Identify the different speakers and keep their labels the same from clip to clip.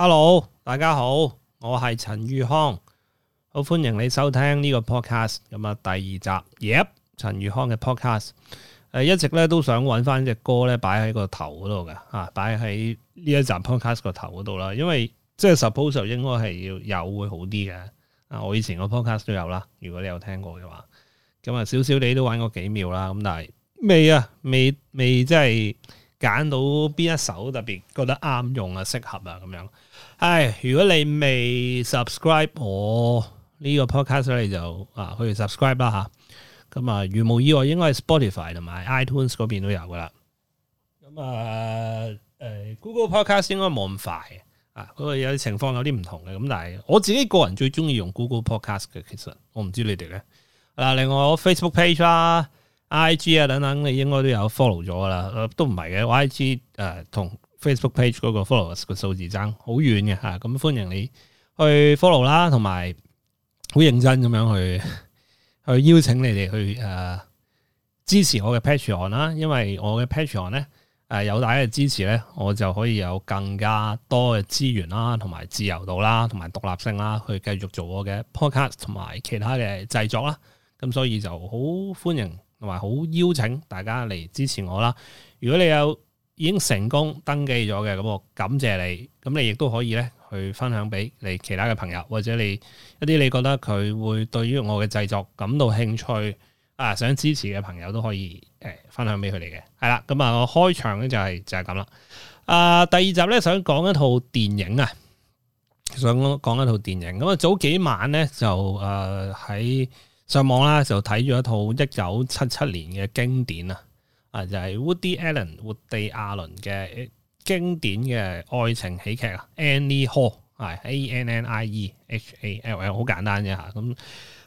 Speaker 1: Hello，大家好，我係陳宇康，好歡迎你收聽呢個 podcast，咁啊第二集，Yep 陳宇康嘅 podcast，誒一直咧都想揾翻隻歌咧擺喺個頭嗰度嘅啊，擺喺呢一集 podcast 個頭嗰度啦，因為即係 suppose 就應該係要有會好啲嘅啊，我以前個 podcast 都有啦，如果你有聽過嘅話，咁啊少少你都玩過幾秒啦，咁但係未啊未未即係。揀到邊一首特別覺得啱用適啊，適合啊咁樣。唉，如果你未 subscribe 我呢個 podcast 你就啊去 subscribe 啦吓。咁啊，如無意外，應該係 Spotify 同埋 iTunes 嗰邊都有噶啦。咁啊，誒、欸、，Google Podcast 應該冇咁快啊，嗰個有啲情況有啲唔同嘅。咁但係我自己個人最中意用 Google Podcast 嘅，其實我唔知你哋咧。嗱、啊，另外 Facebook page 啦、啊。I G 啊，等等，你應該都有 follow 咗啦、啊。都唔係嘅，我 I G 誒、呃、同 Facebook page 嗰個 followers 個數字爭好遠嘅吓。咁、啊嗯、歡迎你去 follow 啦、啊，同埋好認真咁樣去去邀請你哋去誒、啊、支持我嘅 Patreon 啦、啊。因為我嘅 Patreon 咧誒、啊、有大家嘅支持咧，我就可以有更加多嘅資源啦，同、啊、埋自由度啦，同埋獨立性啦、啊，去繼續做我嘅 podcast 同、啊、埋其他嘅製作啦。咁、啊、所以就好歡迎。同埋好邀請大家嚟支持我啦！如果你有已經成功登記咗嘅，咁我感謝你。咁你亦都可以咧去分享俾你其他嘅朋友，或者你一啲你覺得佢會對於我嘅製作感到興趣啊，想支持嘅朋友都可以誒、哎、分享俾佢哋嘅。係啦，咁啊，我開場咧就係、是、就係咁啦。啊，第二集咧想講一套電影啊，想講一套電影。咁啊，早幾晚咧就誒喺，呃上網啦，就睇咗一套一九七七年嘅經典啊，啊就係 Woody Allen、活地亞倫嘅經典嘅愛情喜劇啊，Annie Hall，係 A N N I E H A L L，好簡單嘅。嚇、嗯，咁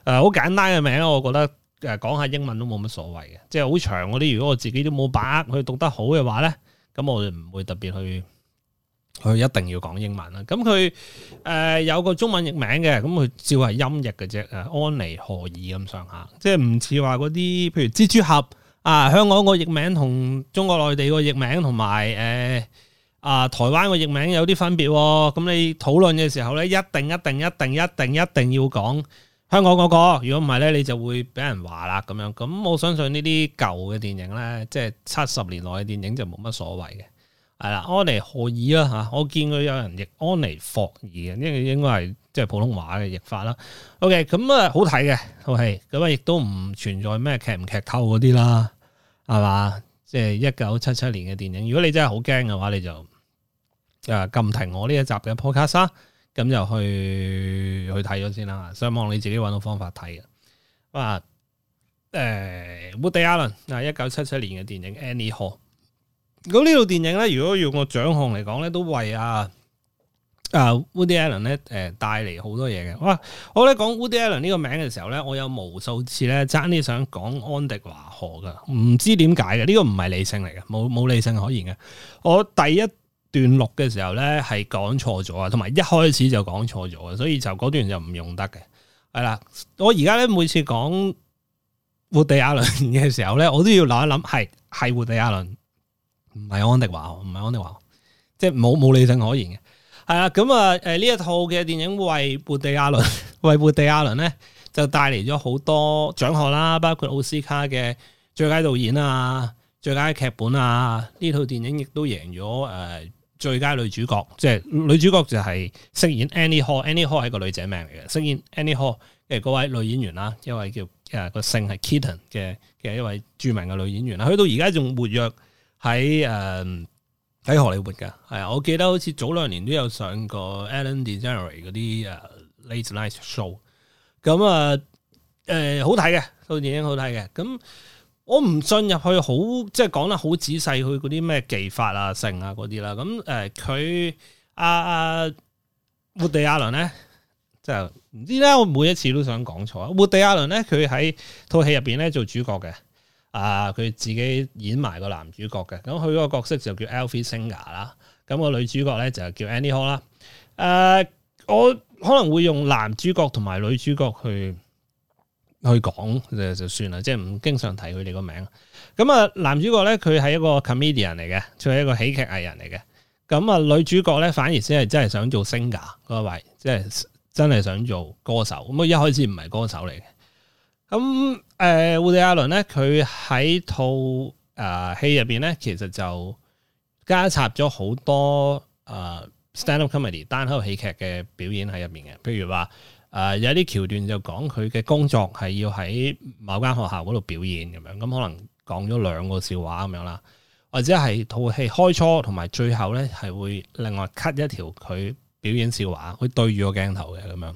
Speaker 1: 誒好簡單嘅名，我覺得誒講下英文都冇乜所謂嘅，即係好長嗰啲，如果我自己都冇把握去讀得好嘅話咧，咁我就唔會特別去。佢、哦、一定要講英文啦，咁佢誒有個中文譯名嘅，咁佢照係音譯嘅啫，誒、啊、安妮何爾，安妮荷爾咁上下，即係唔似話嗰啲，譬如蜘蛛俠啊，香港個譯名同中國內地個譯名同埋誒啊台灣個譯名有啲分別喎，咁、嗯嗯、你討論嘅時候咧，一定一定一定一定一定要講香港嗰、那個，如果唔係咧，你就會俾人話啦咁樣。咁、嗯、我相信呢啲舊嘅電影咧，即係七十年內嘅電影就冇乜所謂嘅。係啦，安妮荷爾啦嚇，我見過有人譯安妮霍爾嘅，呢個應該係即係普通話嘅譯法啦。OK，咁啊好睇嘅，係咁啊亦都唔存在咩劇唔劇透嗰啲啦，係嘛？即係一九七七年嘅電影。如果你真係好驚嘅話，你就啊禁停我呢一集嘅 podcast 啦、啊，咁就去去睇咗先啦。希望你自己揾到方法睇嘅。啊，誒、呃，Woody Allen 嗱，一九七七年嘅電影《安妮荷》。咁呢套電影咧，如果用個獎項嚟講咧，都為啊阿、啊、Woody Allen 咧誒帶嚟好多嘢嘅。哇！我咧講 Woody Allen 呢個名嘅時候咧，我有無數次咧爭啲想講安迪華河噶，唔知點解嘅，呢、這個唔係理性嚟嘅，冇冇理性可言嘅。我第一段錄嘅時候咧係講錯咗啊，同埋一開始就講錯咗啊，所以就嗰段就唔用得嘅。係啦，我而家咧每次講活地 o d 嘅時候咧，我都要諗一諗，係係 w o o d 唔係安迪華荷，唔係安迪華荷，即係冇冇理性可言嘅。係啊，咁啊，誒呢一套嘅電影為活地亞倫，為活地亞倫咧就帶嚟咗好多獎項啦，包括奧斯卡嘅最佳導演啊、最佳劇本啊。呢套電影亦都贏咗誒最佳女主角，即係女主角就係飾演 Annie Hall，Annie Hall，Annie Hall 係個女仔名嚟嘅，飾演 Annie Hall 嘅嗰位女演員啦、啊，一位叫誒、啊、個姓係 Keaton 嘅嘅一位著名嘅女演員啦，去到而家仲活躍。喺誒，喺、呃、荷里活嘅，係、嗯、啊，我記得好似早兩年都有上過 Alan DeGeneres 嗰啲誒、呃、Late Night Show，咁啊，誒、嗯嗯嗯、好睇嘅套電影好睇嘅，咁、嗯、我唔進入去好，即係講得好仔細，佢嗰啲咩技法啊、性啊嗰啲啦，咁、嗯、誒，佢、呃、啊，阿活地亞倫咧，即係唔知咧，我每一次都想講錯，活地亞倫咧，佢喺套戲入邊咧做主角嘅。啊！佢、呃、自己演埋個男主角嘅，咁佢嗰個角色就叫 Alvy Singer 啦。咁個女主角咧就叫 Annie Hall 啦。誒，我可能會用男主角同埋女主角去去講就算啦，即係唔經常提佢哋個名。咁啊，男主角咧佢係一個 comedian 嚟嘅，佢係一個喜劇藝人嚟嘅。咁啊，女主角咧反而先係真係想做 singer 嗰個位，即、就、係、是、真係想做歌手。咁啊，一開始唔係歌手嚟嘅。咁誒，活地亞倫咧，佢、呃、喺套啊、呃、戲入邊咧，其實就加插咗好多啊、呃、stand-up comedy 單口喜劇嘅表演喺入面嘅。譬如話，誒、呃、有啲橋段就講佢嘅工作係要喺某間學校嗰度表演咁樣，咁可能講咗兩個笑話咁樣啦，或者係套戲開初同埋最後咧，係會另外 cut 一條佢表演笑話，佢對住個鏡頭嘅咁樣。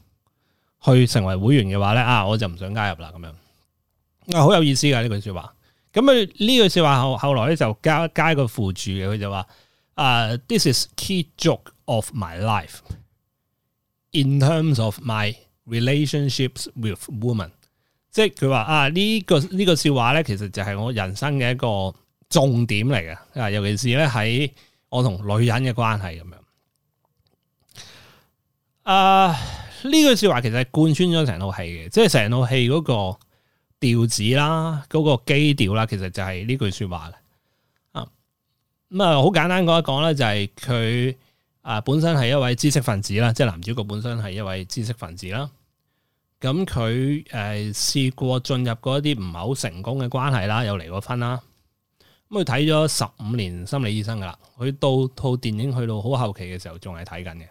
Speaker 1: 去成為會員嘅話咧，啊，我就唔想加入啦，咁樣啊，好有意思嘅呢句說話。咁佢呢句說話後後來咧就加加一個附注嘅，佢就話啊，This is key joke of my life in terms of my relationships with women。即係佢話啊，呢個呢個笑話咧，其實就係我人生嘅一個重點嚟嘅，尤其是咧喺我同女人嘅關係咁樣啊。呢句說話其實係貫穿咗成套戲嘅，即係成套戲嗰個調子啦，嗰、嗰個基調啦，其實就係呢句說話啊。咁、嗯、啊，好、嗯、簡單講一講咧，就係佢啊本身係一位知識分子啦，即係男主角本身係一位知識分子啦。咁佢誒試過進入過一啲唔係好成功嘅關係啦，又離過婚啦。咁佢睇咗十五年心理醫生㗎喇，佢到套電影去到好後期嘅時候，仲係睇緊嘅。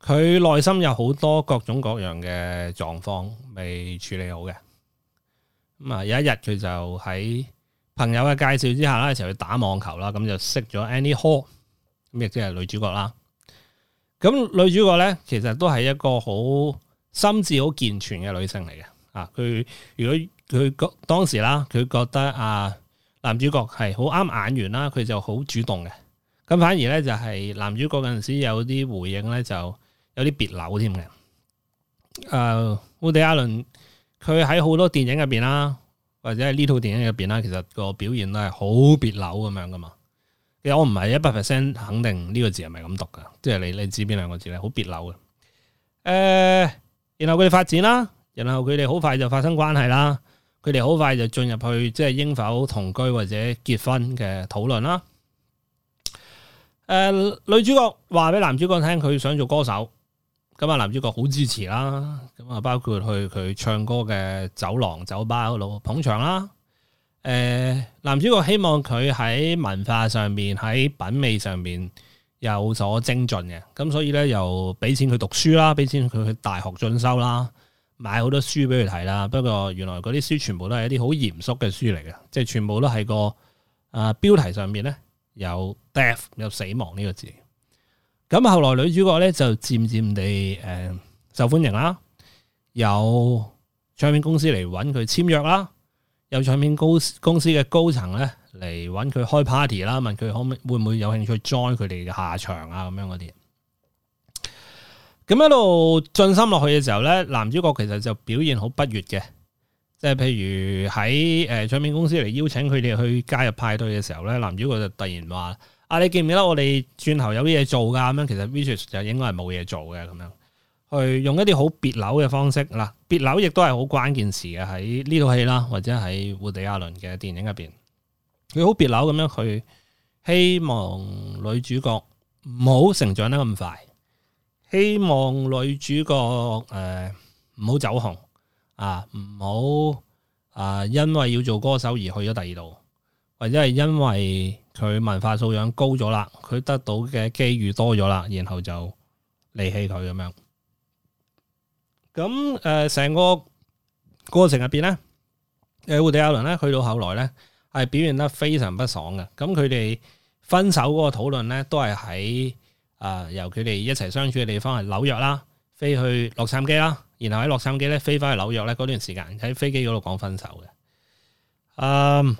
Speaker 1: 佢內心有好多各種各樣嘅狀況未處理好嘅，咁啊有一日佢就喺朋友嘅介紹之下一齊去打網球啦，咁、嗯、就識咗 Annie Hall，咁亦即係女主角啦。咁、嗯、女主角咧，其實都係一個好心智好健全嘅女性嚟嘅。啊佢如果佢覺當時啦，佢覺得啊男主角係好啱眼緣啦，佢就好主動嘅，咁、嗯、反而咧就係男主角嗰陣時有啲回應咧就。有啲彆扭添嘅，誒、呃，活地亞倫佢喺好多電影入邊啦，或者係呢套電影入邊啦，其實個表現都係好彆扭咁樣噶嘛。其實我唔係一百 percent 肯定呢個字係咪咁讀噶，即係你你知邊兩個字咧，好彆扭嘅。誒、呃，然後佢哋發展啦，然後佢哋好快就發生關係啦，佢哋好快就進入去即係、就是、應否同居或者結婚嘅討論啦。誒、呃，女主角話俾男主角聽，佢想做歌手。咁啊，男主角好支持啦，咁啊，包括去佢唱歌嘅走廊酒吧度捧場啦。誒、呃，男主角希望佢喺文化上面、喺品味上面有所精進嘅，咁所以咧，又俾錢佢讀書啦，俾錢佢去大學進修啦，買好多書俾佢睇啦。不過原來嗰啲書全部都係一啲好嚴肅嘅書嚟嘅，即、就、係、是、全部都係個啊標題上面咧有 death 有死亡呢個字。咁後來女主角咧就漸漸地誒受歡迎啦，有唱片公司嚟搵佢簽約啦，有唱片公司嘅高層咧嚟搵佢開 party 啦，問佢可會唔會有興趣 join 佢哋嘅下場啊，咁樣嗰啲。咁一路進心落去嘅時候咧，男主角其實就表現好不悅嘅，即係譬如喺誒唱片公司嚟邀請佢哋去加入派對嘅時候咧，男主角就突然話。啊！你記唔記得我哋轉頭有啲嘢做噶？咁樣其實 Vicious 就應該係冇嘢做嘅，咁樣去用一啲好別扭嘅方式嗱、啊，別扭亦都係好關鍵詞嘅。喺呢套戲啦，或者喺活地亞倫嘅電影入邊，佢好別扭咁樣去希望女主角唔好成長得咁快，希望女主角誒唔好走紅啊，唔好啊因為要做歌手而去咗第二度，或者係因為。佢文化素養高咗啦，佢得到嘅機遇多咗啦，然後就離棄佢咁樣。咁誒，成、呃、個過程入邊呢，誒，活地亞倫咧去到後來呢，係表現得非常不爽嘅。咁佢哋分手嗰個討論呢，都係喺誒由佢哋一齊相處嘅地方係紐約啦，飛去洛杉磯啦，然後喺洛杉磯呢飛翻去紐約呢。嗰段時間喺飛機嗰度講分手嘅。嗯。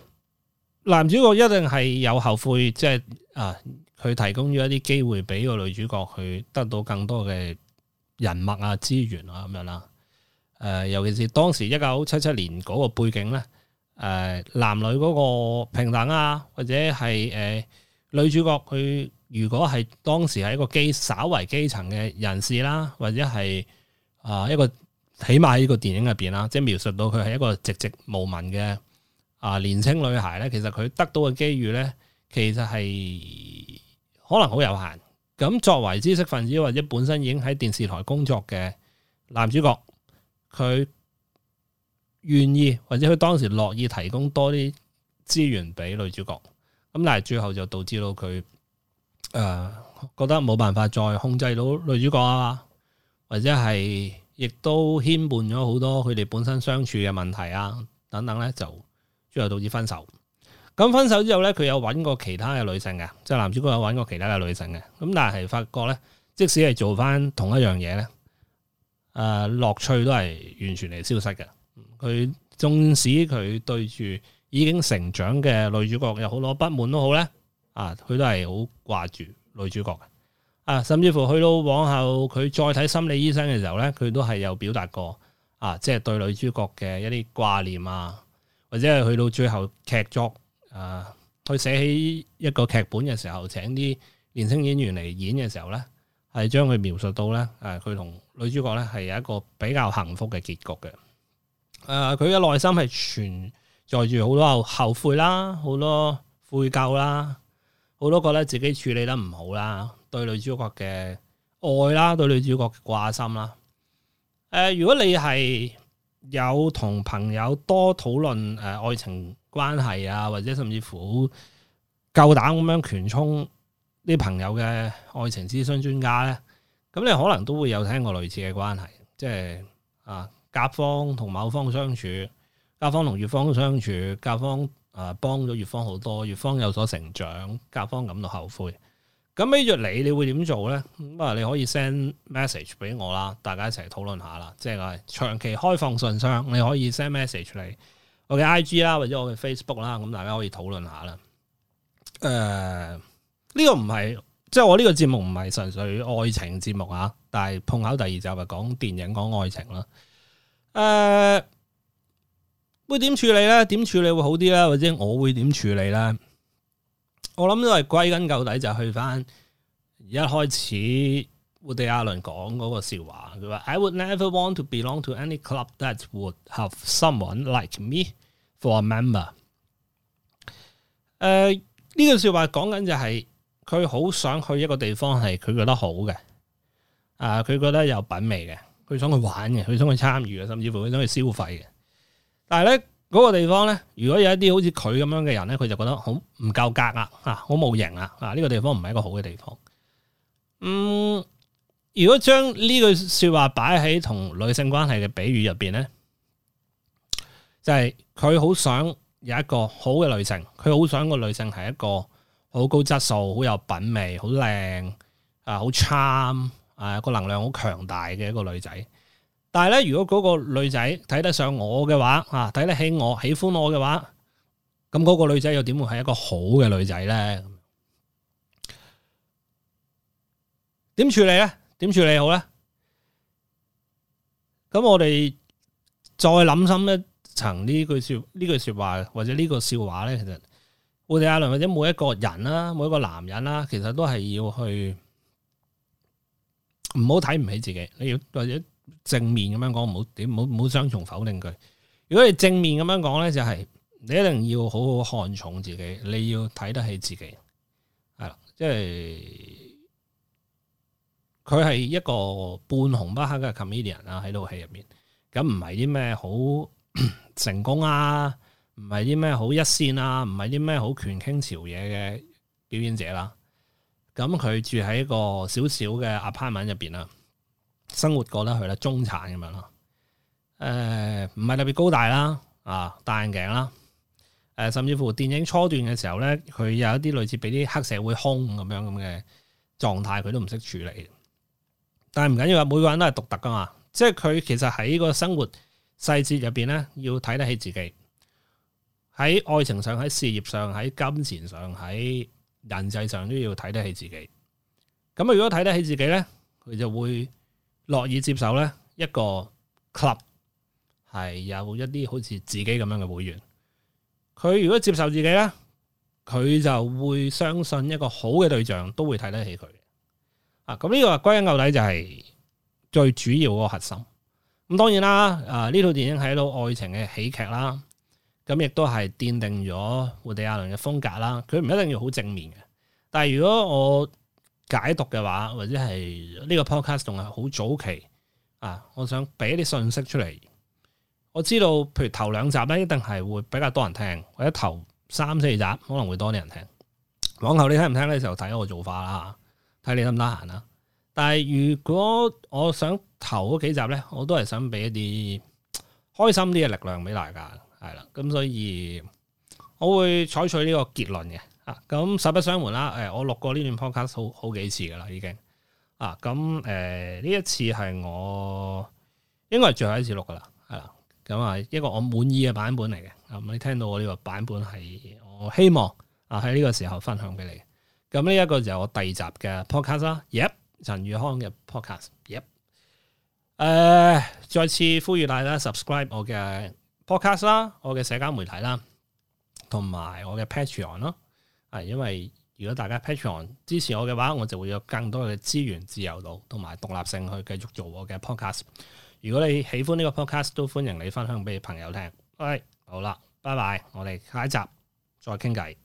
Speaker 1: 男主角一定係有後悔，即係啊，佢、呃、提供咗一啲機會俾個女主角去得到更多嘅人脈啊、資源啊咁樣啦。誒、呃，尤其是當時一九七七年嗰個背景咧，誒、呃、男女嗰個平等啊，或者係誒、呃、女主角佢如果係當時係一個基稍為基層嘅人士啦，或者係啊一個起碼喺呢個電影入邊啦，即、就、係、是、描述到佢係一個寂寂無聞嘅。啊，年青女孩咧，其實佢得到嘅機遇咧，其實係可能好有限。咁作為知識分子或者本身已經喺電視台工作嘅男主角，佢願意或者佢當時樂意提供多啲資源俾女主角，咁但係最後就導致到佢誒覺得冇辦法再控制到女主角啊，或者係亦都牽絆咗好多佢哋本身相處嘅問題啊，等等咧就。最後導致分手，咁分手之後咧，佢有揾過其他嘅女性嘅，即係男主角有揾過其他嘅女性嘅，咁但係發覺咧，即使係做翻同一樣嘢咧，誒，啊，樂趣都係完全嚟消失嘅。佢縱使佢對住已經成長嘅女主角有好多不滿都好咧，啊，佢都係好掛住女主角嘅，啊，甚至乎去到往後佢再睇心理醫生嘅時候咧，佢都係有表達過，啊，即係對女主角嘅一啲掛念啊。或者係去到最後劇作，啊，去寫起一個劇本嘅時候，請啲年輕演員嚟演嘅時候咧，係將佢描述到咧，誒、啊，佢同女主角咧係有一個比較幸福嘅結局嘅。誒、啊，佢嘅內心係存在住好多後後悔啦，好多悔疚啦，好多覺得自己處理得唔好啦，對女主角嘅愛啦，對女主角嘅掛心啦。誒、啊，如果你係。有同朋友多討論誒、呃、愛情關係啊，或者甚至乎夠膽咁樣拳衝啲朋友嘅愛情諮詢專家咧，咁你可能都會有聽過類似嘅關係，即係啊甲方同某方相處，甲方同乙方相處，甲方啊幫咗乙方好多，乙方有所成長，甲方感到後悔。咁呢住你，你會點做咧？咁啊，你可以 send message 俾我啦，大家一齊討論下啦。即係長期開放信箱，你可以 send message 嚟我嘅 IG 啦，或者我嘅 Facebook 啦，咁大家可以討論下啦。誒、呃，呢、這個唔係即係我呢個節目唔係純粹愛情節目啊，但係碰巧第二集係講電影講愛情啦。誒、呃，會點處理咧？點處理會好啲咧？或者我會點處理咧？我諗都係，歸根究底就係去翻一開始活地阿倫講嗰個笑話，佢話 I would never want to belong to any club that would have someone like me for a member。誒、呃、呢、這個笑話講緊就係佢好想去一個地方係佢覺得好嘅，啊、呃，佢覺得有品味嘅，佢想去玩嘅，佢想去參與嘅，甚至乎佢想去消費嘅。但係咧，嗰個地方咧，如果有一啲好似佢咁樣嘅人咧，佢就覺得好唔夠格啊，啊，啊，好冇型啊，啊，呢個地方唔係一個好嘅地方。嗯，如果將呢句說話擺喺同女性關係嘅比喻入邊咧，就係佢好想有一個好嘅女性，佢好想個女性係一個好高質素、好有品味、好靚啊、好 charm 啊、個能量好強大嘅一個女仔。但係咧，如果嗰個女仔睇得上我嘅話，啊睇得起我，喜歡我嘅話，咁嗰個女仔又點會係一個好嘅女仔咧？點處理咧？點處理好咧？咁我哋再諗深一層呢句笑呢句說話，或者呢個笑話咧，其實我哋阿倫或者每一個人啦，每一個男人啦，其實都係要去唔好睇唔起自己，你要或者。正面咁樣講，唔好點，好唔好雙重否定佢。如果係正面咁樣講咧，就係、是、你一定要好好看重自己，你要睇得起自己，係啦。即係佢係一個半紅不黑嘅 comedian 啊，喺套戲入面，咁唔係啲咩好成功啊，唔係啲咩好一綫啊，唔係啲咩好權傾朝野嘅表演者啦。咁佢住喺一個小小嘅 apartment 入邊啦。生活過得去啦，中產咁樣囉，誒唔係特別高大啦，啊戴眼鏡啦，誒、啊、甚至乎電影初段嘅時候咧，佢有一啲類似俾啲黑社會兇咁樣咁嘅狀態，佢都唔識處理。但係唔緊要啊，每個人都係獨特噶嘛，即係佢其實喺個生活細節入邊咧，要睇得起自己。喺愛情上、喺事業上、喺金錢上、喺人際上都要睇得起自己。咁如果睇得起自己咧，佢就會。樂意接受咧，一個 club 係有一啲好似自己咁樣嘅會員，佢如果接受自己咧，佢就會相信一個好嘅對象都會睇得起佢。啊，咁、嗯、呢、這個歸根究底就係、是、最主要個核心。咁、嗯、當然啦，啊呢套電影係一套愛情嘅喜劇啦，咁、啊、亦、嗯、都係奠定咗活地亞倫嘅風格啦。佢、啊、唔一定要好正面嘅，但係如果我。解讀嘅話，或者係呢個 podcast 仲係好早期啊！我想俾一啲信息出嚟。我知道，譬如頭兩集咧，一定係會比較多人聽；或者頭三四集可能會多啲人聽。往後你聽唔聽咧，就睇下我做法啦，睇你得唔得閒啦。但係如果我想頭嗰幾集咧，我都係想俾一啲開心啲嘅力量俾大家，係啦。咁所以，我會採取呢個結論嘅。咁、啊、實不相瞞啦，誒、哎，我錄過呢段 podcast 好好幾次㗎啦，已經。啊，咁誒呢一次係我應該係最後一次錄㗎啦，係、啊、啦。咁啊，一個我滿意嘅版本嚟嘅。咁、啊、你聽到我呢個版本係我希望啊喺呢個時候分享俾你。咁呢一個就係我第二集嘅 podcast 啦，Yep，陳宇康嘅 podcast，Yep。誒、啊啊啊啊，再次呼籲大家 subscribe 我嘅 podcast 啦，我嘅社交媒體啦，同埋我嘅 Patreon 咯。係因為如果大家 Patreon 支持我嘅話，我就會有更多嘅資源、自由度同埋獨立性去繼續做我嘅 podcast。如果你喜歡呢個 podcast，都歡迎你分享俾朋友聽。喂、哎，好啦，拜拜，我哋下一集再傾偈。